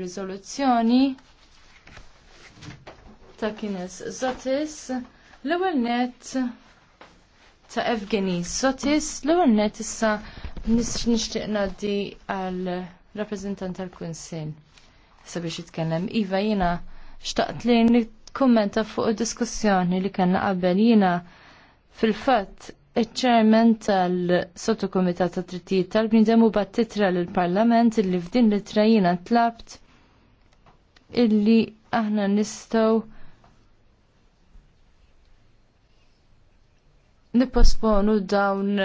Rizoluzzjoni ta' kienes Zotis, l-ewwel net ta' Evgeni Zotis, l-ewwel net issa nixtieq ngħaddi għal rappresentant tal-Kunsill sabiex jitkellem. Iva jiena xtaqt li nikkummenta fuq id-diskussjoni li kellna qabel jiena fil-fatt Iċ-ċermen tal-Sottokomitat tat Trittijiet tal-Bnidem u battitra l-Parlament li f'din li trajina tlabt illi aħna nistgħu nipposponu dawn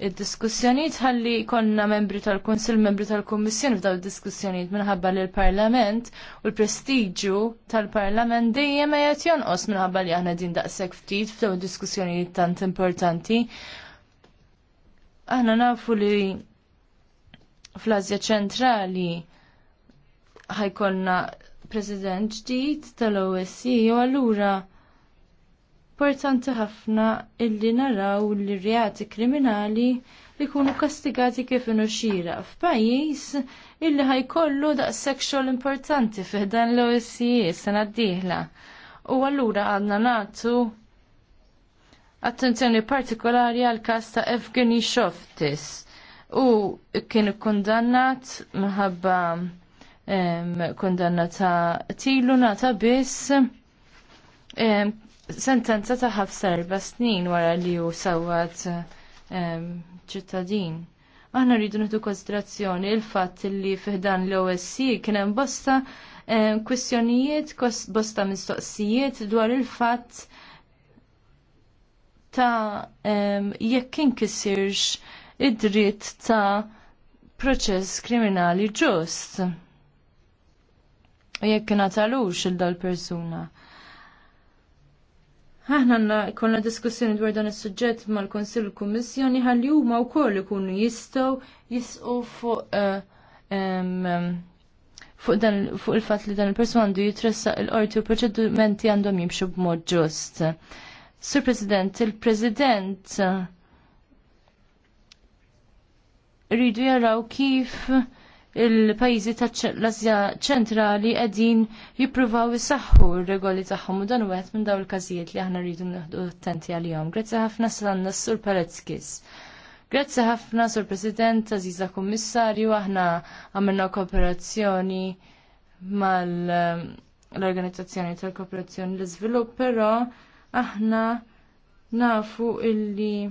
id-diskussjonijiet ħalli konna membri tal-Kunsil, membri tal-Kummissjoni f'daw id-diskussjonijiet minħabba li l-Parlament u l-prestiġu tal-Parlament dejjem qed jonqos minħabba li aħna din daqshekk ftit f'daw id-diskussjonijiet tant importanti. Aħna nafu li fl azja ċentrali ħajkonna president ġdid tal-OSC u allura importanti ħafna illi naraw li reati kriminali li jkunu kastigati kif inu xira f'pajjiż illi ħajkollu daqshekk sexual importanti fih dan l osc sena d-dieħla. U allura għadna nagħtu attenzjoni partikolari għal każ ta' Evgeni Shoftis u kien kundannat minħabba kondanna ta' tilu nata biss sentenza ta' ħabsa erba snin wara li hu sawat ċittadin. Aħna rridu nħdu konsiderazzjoni il-fatt li fiħdan l-OSC kien hemm bosta kwistjonijiet, bosta mistoqsijiet dwar il-fatt ta' jekk inkisirx id-dritt ta' proċess kriminali ġust jekk natalux il-dal-persuna. Aħna konna diskussjoni dwar dan is-suġġett mal-Konsil u Kummissjoni ħalli huma wkoll ikunu jistgħu jisqu fuq eh, fuq dan fuq il-fatt li dan il-persuna għandu jitressaq il-qorti u proċedimenti għandhom jimxu b'mod ġust. Sur President, il-President eh, rridu jaraw kif il-pajizi l asja ċentrali qegħdin jippruvaw jisaxħu r-regoli tagħhom u dan għet minn dawn il-każijiet li aħna rridu nieħdu attenti għalihom. Grazzi ħafna sanna sur Paleckis. Grazzi ħafna sur President, Aziza Kummissarju, aħna għamilna kooperazzjoni mal ehm, organizzazzjoni tal-Kooperazzjoni l-Iżvilupp, però aħna nafu illi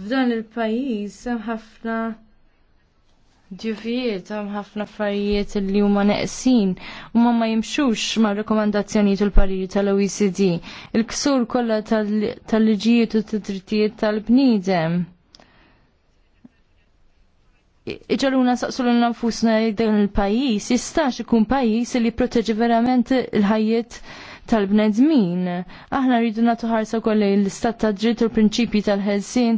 f'dan il-pajjiż hemm ħafna ġifijiet, hemm ħafna affarijiet li huma neqsin u ma ma jimxux ma' rekomandazzjonijiet tal l-pariri tal-OECD. Il-ksur kollha tal-liġijiet u t-drittijiet tal-bniedem. Iġaluna saqsu l-nafusna id-dan il-pajis, jistax ikun pajis li proteġi verament il-ħajiet tal-bnedmin. Aħna rridu nagħtu ħarsa kolli l-istat ta' dritt u l-prinċipji tal-ħelsin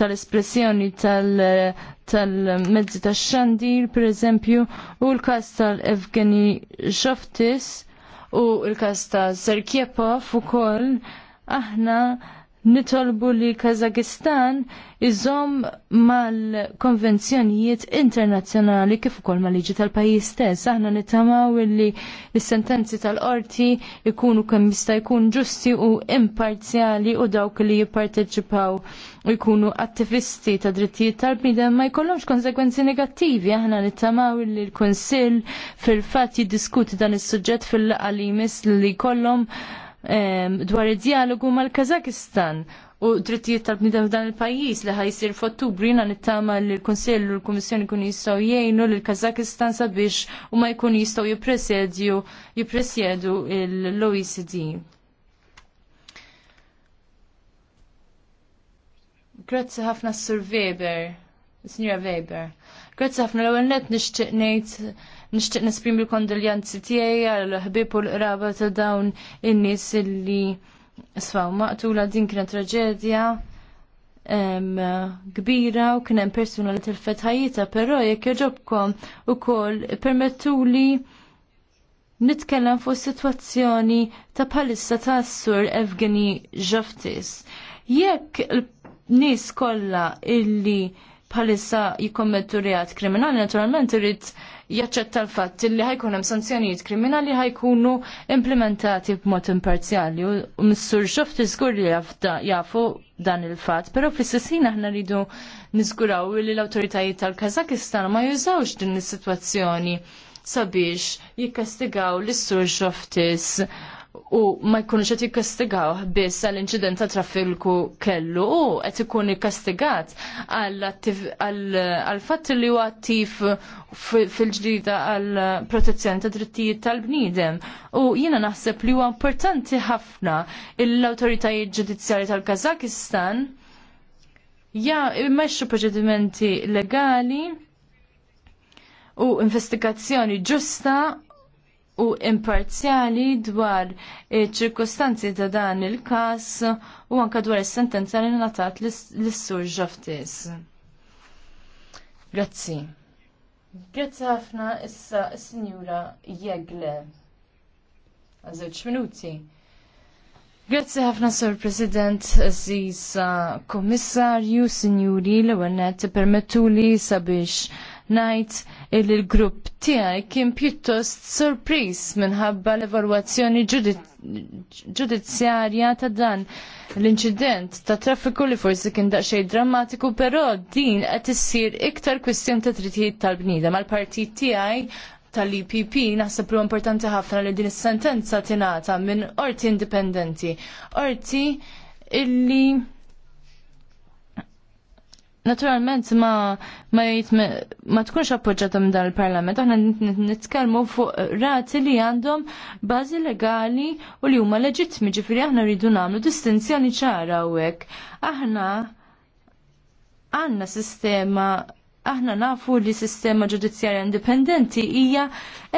tal-espressjoni tal-mezzi tax xandir pereżempju, u l każ tal-Evgeni Xoftis u l każ ta' Serkiepov ukoll aħna nitolbu li Kazakistan iżom mal-konvenzjonijiet internazzjonali kif ukoll mal-liġi tal-pajjiż stess. Aħna nitamaw li l-sentenzi tal-qorti ikunu kemm jista' jkun ġusti u imparzjali u dawk li jipparteċipaw u jkunu attivisti ta' drittijiet tal-bniedem ma jkollhomx konsekwenzi negattivi. Aħna nittamaw li l-Kunsill fil-fatt jiddiskuti dan is-suġġett fil laqgħa li kollhom dwar id-dialogu mal-Kazakistan u drittijiet tal-bnidem f'dan il-pajjiż li ħajsir f'Ottubru jiena nittama li l konsell u l-Kummissjoni jkunu jistgħu jgħinu l Kazakistan sabiex u ma jkun jistgħu jipresjedu jippresjedu l-OECD. Grazzi ħafna Sir Weber, Signora Weber. Grazzi ħafna l-ewwel nett nixtieq ngħid nixtieq nesprim il-kondoljanzi tiegħi għal ħbieb u l-qraba ta' dawn in-nies illi sfaw maqtula din kienet traġedja kbira u kien hemm persuna li tilfet ħajjita, però jekk jogħġobkom ukoll permettuli nitkellem fuq sitwazzjoni ta' bħalissa ta' sur Evgeni Ġoftis. Jekk n-nies kollha illi bħalissa jikkommettu reat kriminali, naturalment irrid jaċċetta l-fatt li ħajkun hemm sanzjonijiet kriminali ħajkunu implementati b'mod imparzjali u m-Sur Xoft iżgur li jafu dan il-fatt, però fl-istess aħna rridu niżguraw li l-awtoritajiet tal-Kazakistan ma jużawx din is-sitwazzjoni sabiex jikkastigaw l-Sur Xoftis u ma jkunux qed jikkastigaw biss għall inċident ta' traffiku kellu u qed ikun ikkastigat għal fatt li huwa attiv fil-ġdida għal protezzjoni ta' drittijiet tal-bniedem. U jiena naħseb li huwa importanti ħafna l-awtoritajiet ġudizzjali tal-Kazakistan ja immexxu proċedimenti legali u investigazzjoni ġusta u imparzjali dwar ċirkostanzi ta' dan il-kas u anka dwar is-sentenza li ngħatat lis-sur ġoftis. Grazzi. Grazzi ħafna issa s-Sinjura Jegle. Għazewċ minuti. Grazzi ħafna Sur President, Aziz Komissarju, Sinjuri, l-għannet, permettu li sabiex ngħid li l-grupp tiegħi kien pjuttost surpris minħabba l-evalwazzjoni ġudizzjarja ta' dan l-inċident ta' traffiku li forsi kien daqsxejn drammatiku, però din qed issir iktar kwistjoni ta' trittijiet tal bnida mal-partit tiegħi tal-IPP naħseb li importanti ħafna li din is-sentenza tingħata minn orti indipendenti. Orti illi Naturalment ma ma ma tkunx appoġġata minn dan il-Parlament, aħna nitkellmu fuq rati li għandhom bażi legali u li huma leġittmi, ġifieri aħna rridu nagħmlu distinzjoni ċara hawnhekk. Aħna għandna sistema aħna nafu li sistema ġudizzjarja indipendenti hija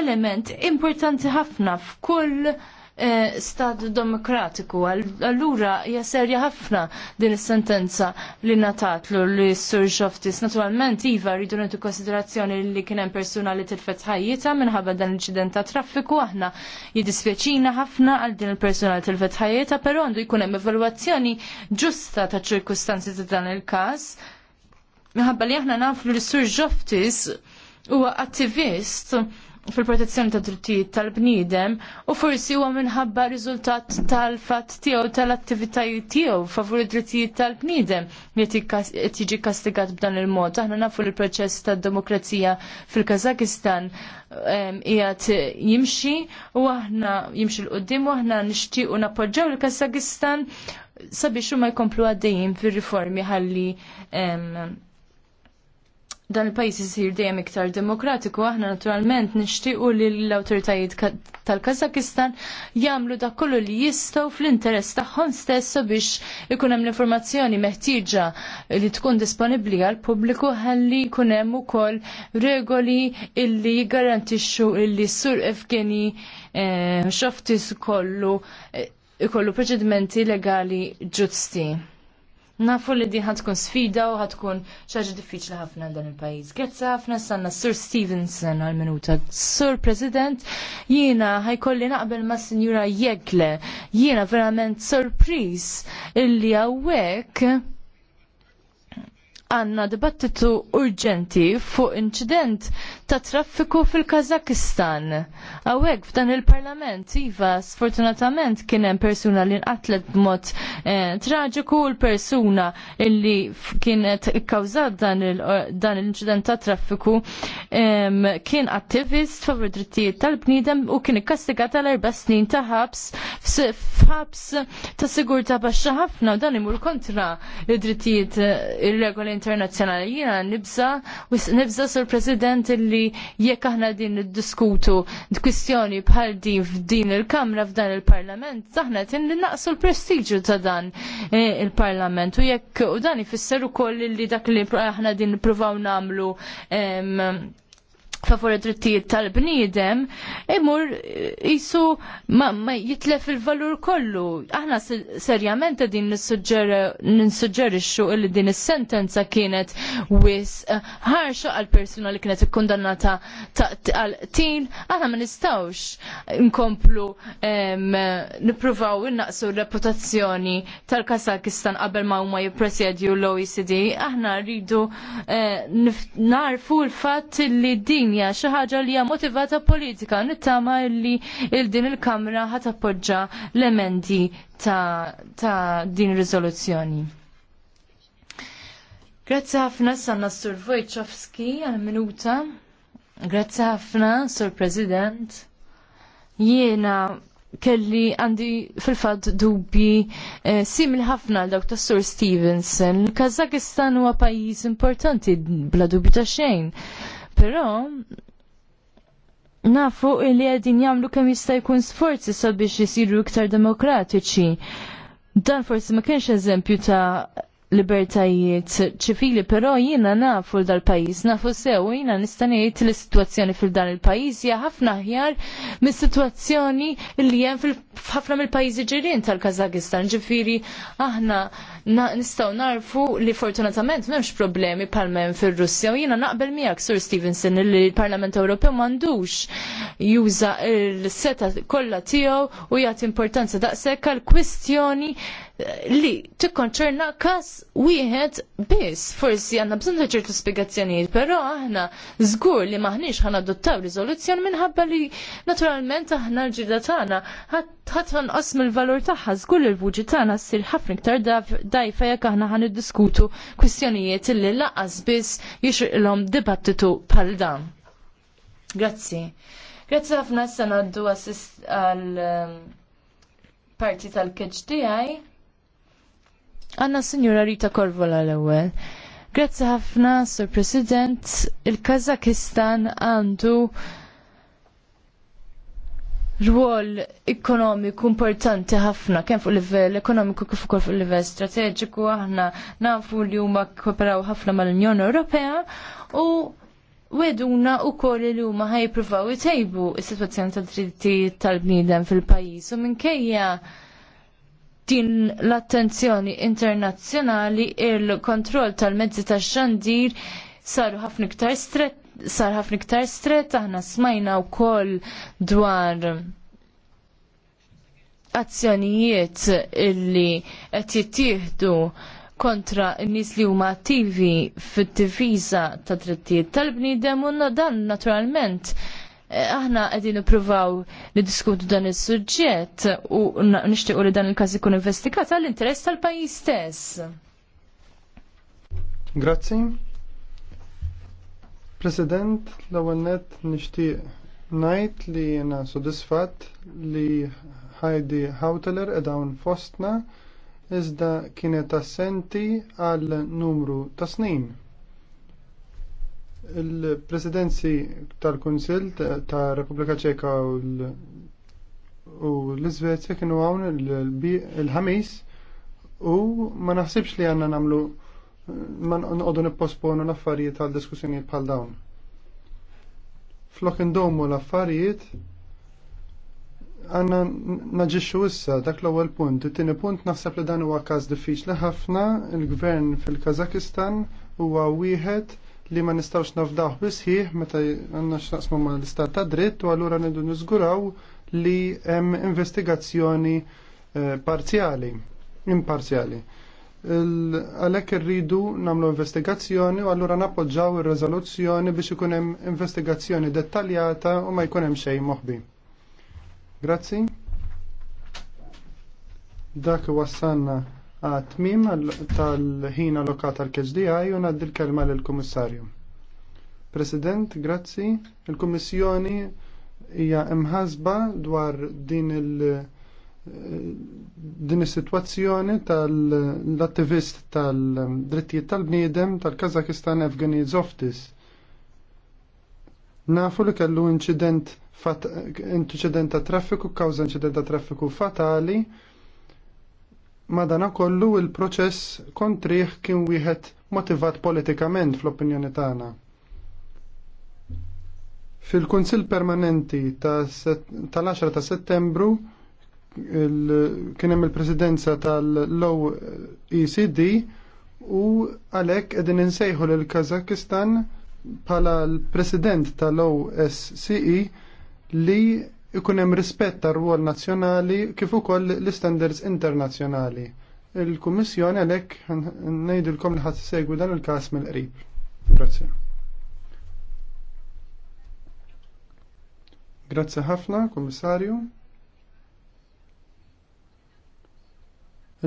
element importanti ħafna f'kull Eh, stat demokratiku. Allura hija serja ħafna din is-sentenza li natatlu li sur Xoftis. Naturalment iva rridu nagħtu konsiderazzjoni li kien hemm persuna li tilfet ħajjita minħabba dan l-inċident ta' traffiku aħna jiddispjaċina ħafna għal din il-persuna li tilfet ħajjita, però għandu jkun hemm evalwazzjoni ġusta ta' ċirkustanzi ta' dan il-każ. Minħabba li aħna nafu li s-Sur Xoftis huwa attivist fil-protezzjoni ta' drittijiet tal-bniedem u forsi huwa minħabba riżultat tal-fatt tiegħu tal-attivitajiet tiegħu favur id-drittijiet tal-bniedem li qed jiġi kastigat b'dan il-mod. Aħna nafu li proċess tad-demokrazija fil-Kazakistan qiegħed jimxi u aħna jimxi l-qudiem u aħna nixtiequ nappoġġaw il-Kazakistan sabiex huma jkomplu għaddejjin fir-riformi ħalli dan il-pajis jisir dejjem iktar demokratiku, aħna naturalment nixtiequ li l-awtoritajiet tal-Kazakistan jagħmlu dak kollu li jistgħu fl-interess tagħhom stesso biex ikun hemm l-informazzjoni meħtieġa li tkun disponibbli għal pubbliku ħalli jkun hemm ukoll regoli illi jiggarantixxu illi sur Evgeni xoftis eh, kollu eh, ikollu proċedimenti legali ġusti. Nafu li di ħatkun sfida u ħatkun xaġa diffiċli ħafna dan il-pajis. Grazzi ħafna sanna Sir Stevenson għal-minuta. Sir President, jiena ħajkolli naqbel ma' Sinjura Jekle, Jiena verament sorpris illi għawek għanna dibattitu urġenti fuq inċident ta' traffiku fil-Kazakistan. Awek f'dan il-parlament, iva, sfortunatament kienem persuna li nqatlet b'mod eh, traġiku, u l-persuna illi kienet ikkawżat dan l-inċident ta' traffiku kien attivist favur drittijiet tal-bnidem u kien ikkastigat tal erba snin ta' ħabs f'ħabs ta' sigurta baxxa ħafna u dan imur kontra id-drittijiet eh, ir-regoli internazzjonali. nibza nibza nibza sur President li jekk aħna din niddiskutu kwistjoni bħal din f'din il-Kamra f'dan il-Parlament, aħna tin li naqsu l-prestiġu ta' dan eh, il-Parlament u jekk u dan ifisser ukoll li dak li aħna din nippruvaw nagħmlu favori drittijiet tal-bniedem imur jisu eh, ma, ma jitlef il-valur kollu. Aħna serjament din nissuġġerixxu illi din is-sentenza kienet wis eh, ħarxa għal persuna li kienet ikkundannata għal tin, aħna ma nistawx nkomplu nippruvaw innaqsu reputazzjoni tal-Kazakistan qabel ma huma jippresjedju l-OECD. Aħna rridu eh, narfu l-fatt li din dinja xi ħaġa li hija motivata politika nittama li il din il-Kamra ħat appoġġa l-emendi ta', ta din riżoluzzjoni. Grazzi ħafna sanna Sur Wojciechowski għal minuta. Grazzi ħafna Sur President. Jiena kelli għandi fil-fat dubbi eh, simil ħafna l dawk Sur Stevenson. Kazakistan huwa pajjiż importanti bla dubju ta' xejn. Però nafu li għedin jamlu kem jista' jkun sforzi sabiex jisiru iktar demokratiċi. Dan forsi ma kienx eżempju ta' libertajiet ċivili, però jiena nafu dal pajjiż nafu sew, jiena nista' ngħid li situazzjoni fil-dan il pajis hija ħafna aħjar mis sitwazzjoni li hemm fil-ħafna mill pajjiżi ġirien tal-Kazakistan, ġifiri, aħna nistgħu narfu li fortunatament m'hemmx problemi pal-men fir-Russja u jiena naqbel miegħek Sur Stevenson li l-Parlament Ewropew m'għandux juża l-seta kollha tiegħu u jagħti importanza daqshekk għall kwistjoni li tikkonċerna każ wieħed biss. Forsi għandna bżonn ta' ċertu spjegazzjonijiet, però aħna żgur li maħniex ħana adottaw riżoluzzjoni minħabba li naturalment aħna l-ġirda tagħna ħatħan osm il-valur tagħha żgur li l-vuġi tagħna ssir ħafna iktar dajfa jekk aħna ħan iddiskutu kwistjonijiet illi laqas biss jixrilhom dibattitu bħal dan. Grazzi. Grazzi ħafna s-sena għal ehm, parti tal-keġ tiegħi. Għanna Sinjura Rita Korvola l-ewel. Grazzi ħafna, Sir President, il-Kazakistan għandu rwol ekonomiku importanti ħafna, kemm fuq livell ekonomiku kif ukoll fuq livell strateġiku, aħna nafu li huma kooperaw ħafna mal-Unjoni Ewropea u weduna u koll li huma ħajpruvaw jtejbu is-sitwazzjoni tad dritti tal-bniedem fil-pajjiż u minkejja din l-attenzjoni internazzjonali il-kontroll tal-mezzi tax-xandir saru ħafna iktar stret, sar ħafna iktar stret, aħna smajna wkoll dwar azzjonijiet illi qed jittieħdu kontra n-nis li huma attivi fid-difiża ta' drittijiet tal-bniedem u dan naturalment Eh, aħna qegħdin nippruvaw nidiskutu dan is-suġġett u nixtiequ li dan il-każ ikun investigat għall-interess tal-pajjiż stess. Grazzi. President, l-ewwel nishtiq nixtieq ngħid li jena sodisfatt li Heidi Hauteler edawn fostna iżda kienet assenti għal numru ta' snin. Il-presidenzi tal kunsill ta' Repubblika Ċeka u l-Izvezja kienu għawn il-ħamis u ma naħsibx li għanna namlu ma nqodu nipposponu l-affarijiet għal diskussjonijiet bħal dawn. Flok indomu l-affarijiet għanna naġiċu issa dak l ewwel punt. It-tieni punt naħseb li dan huwa każ diffiċli ħafna, il-gvern fil-Kazakistan huwa wieħed li ma nistawx nafdaħ bisħiħ meta għanna xnaqsmu ma l-istat ta' dritt u għallura nidu nizguraw li hemm investigazzjoni eh, parzjali, imparzjali. Għalek rridu namlu investigazzjoni u għallura napoġġaw ir-rezoluzzjoni biex ikun hemm investigazzjoni dettaljata u ma jkun hemm xejn moħbi. Grazzi. Dak wassanna għatmim tal-ħin allokat tal-KHDI u ngħaddi l-kelma l-Komissarju. President, grazzi. il kummissjoni hija imħasba dwar din il- din is-sitwazzjoni tal-attivist tal-drittijiet tal-bniedem tal-Kazakistan Evgeni Zoftis. Nafu li kellu inċident ta' traffiku, kawza inċident ta' traffiku fatali madana kollu il-proċess kontriħ kien wieħed motivat politikament fl-opinjoni tagħna. Fil-Kunsil Permanenti tal-10 ta' Settembru kien hemm il-Presidenza tal-Low ECD u għalhekk qegħdin insejħu lil Kazakistan bħala l-President tal-OSCE li ikun hemm rispett tar-rwol nazzjonali kif ukoll l-istandards internazzjonali. Il-Kummissjoni għalhekk ngħidilkom li ħadd segwi dan il-każ mill-qrib. Grazzi. Grazzi ħafna, Kummissarju.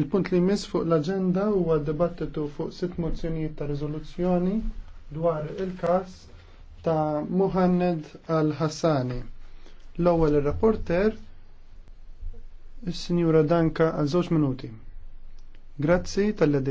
Il-punt li jmiss fuq l-aġenda huwa dibattitu fuq sitt mozzjonijiet ta' riżoluzzjoni dwar il-każ ta' Muhammad al-Hassani. L-ewwel ir-rapporter is-Sinjura Danka għal żewġ minuti. Grazzi tal